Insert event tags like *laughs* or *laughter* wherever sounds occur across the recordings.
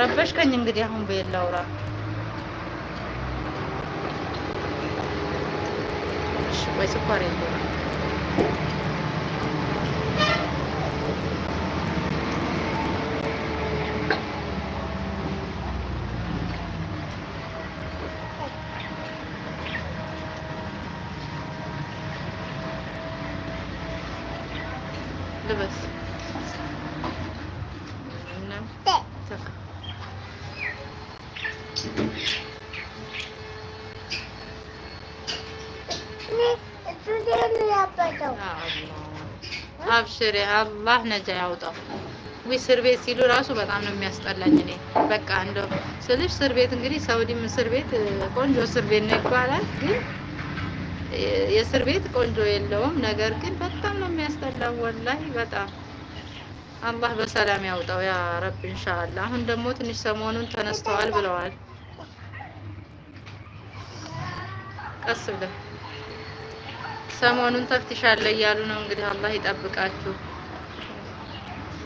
ረበሽከኝ። እንግዲህ አሁን በየት ላውራ? እሺ ቆይ ስኳር የለውም። ልበስ አብሽሬ አላህ ነጃ ያውጣው። ወይ እስር ቤት ሲሉ ራሱ በጣም ነው የሚያስጠላኝ። እኔ በቃ እንደው ስልሽ እስር ቤት እንግዲህ ሳውዲም እስር ቤት ቆንጆ እስር ቤት ነው ይባላል፣ ግን የእስር ቤት ቆንጆ የለውም። ነገር ግን በጣም ነው የሚያስጠላው ወላሂ በጣም አላህ በሰላም ያውጣው ያ ረብ ኢንሻአላህ። አሁን ደግሞ ትንሽ ሰሞኑን ተነስተዋል ብለዋል። ቀስ ብለህ ሰሞኑን ተፍትሻለሁ እያሉ ነው። እንግዲህ አላህ ይጠብቃችሁ።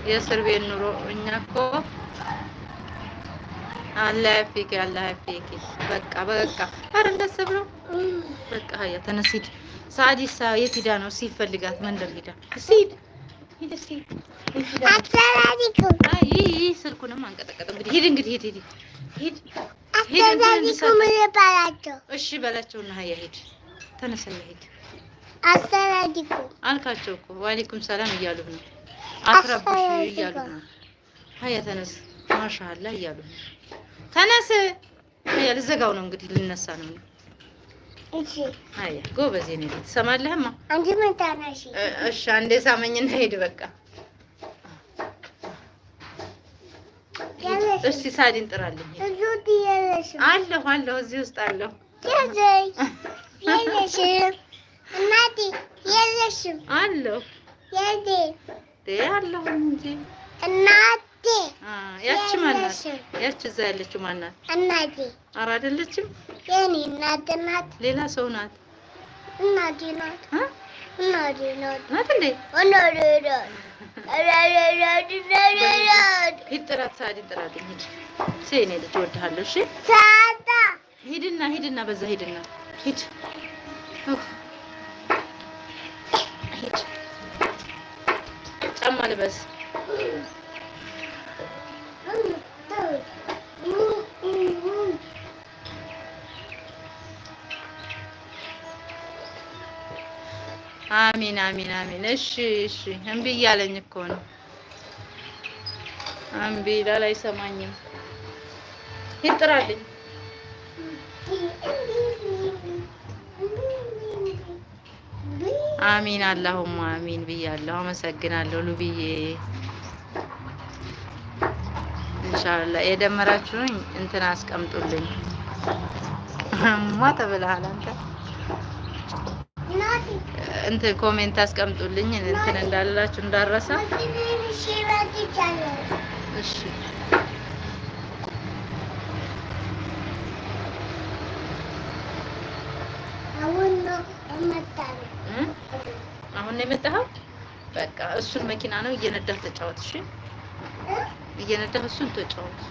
የእስር ቤት ኑሮ እኛ እኮ አላህ ያፊክ አላህ ያፊክ። በቃ በቃ አረ እንደስ ብሎ በቃ ሀያ ተነሲድ ሳዲ ሳ የት ሂዳ ነው ሲፈልጋት መንደር ሂዳ ሲድ ስልኩንም አንቀጠቀጠ። እንግዲህ ሂድ እንግዲህ ሂድ ሂድ ሂድ ሂድ ሂድ ሂድ ሂድ ሂድ ሂድ ሂድ አልካቸው እኮ ዋሌኩም ሰላም እያሉ ነው። አትረብሽ እያሉ ነው። ሀያ ተነስ፣ ማሻአላ እያሉ ነው። ተነስ፣ ልዘጋው ነው እንግዲህ፣ ልነሳ ነው። ሀያ ጎበዝ፣ ትሰማለህማ። እሺ፣ አንዴ ሄድ በቃ። እሺ፣ ሳዲን ጥራልኝ። አለሁ አለሁ፣ እዚህ ውስጥ አለሁ። *laughs* እናቴ የለሽም አለሁ እንጂ እናቴ ያቺ ማናት? ያቺ እዛ ያለችው ማናት? እናቴ ኧረ አይደለችም። የእኔ እናቴ ናት። ሌላ ሰው ናት። እናቴ ናት። ጥራት ሂድና ሂድና፣ በዛ ሂድና ሂድ ልጅ ጫማ ልበስ። አሚን አሚን አሚን። እሺ እሺ። እምቢ እያለኝ እኮ ነው። እምቢ ይላል፣ አይሰማኝም። ይጥራልኝ አሚን አላሁማ አሚን ብያለሁ። አመሰግናለሁ ሉብዬ። ኢንሻአላህ የደመራችሁኝ እንትን አስቀምጡልኝ። እማ ተብለሃል አንተ እንትን ኮሜንት አስቀምጡልኝ እንትን እንዳላችሁ እንዳረሳ። እሺ አሁን ነው የመጣኸው? በቃ እሱን መኪና ነው እየነዳህ ተጫወት። እሺ፣ እየነዳህ እሱን ተጫወት።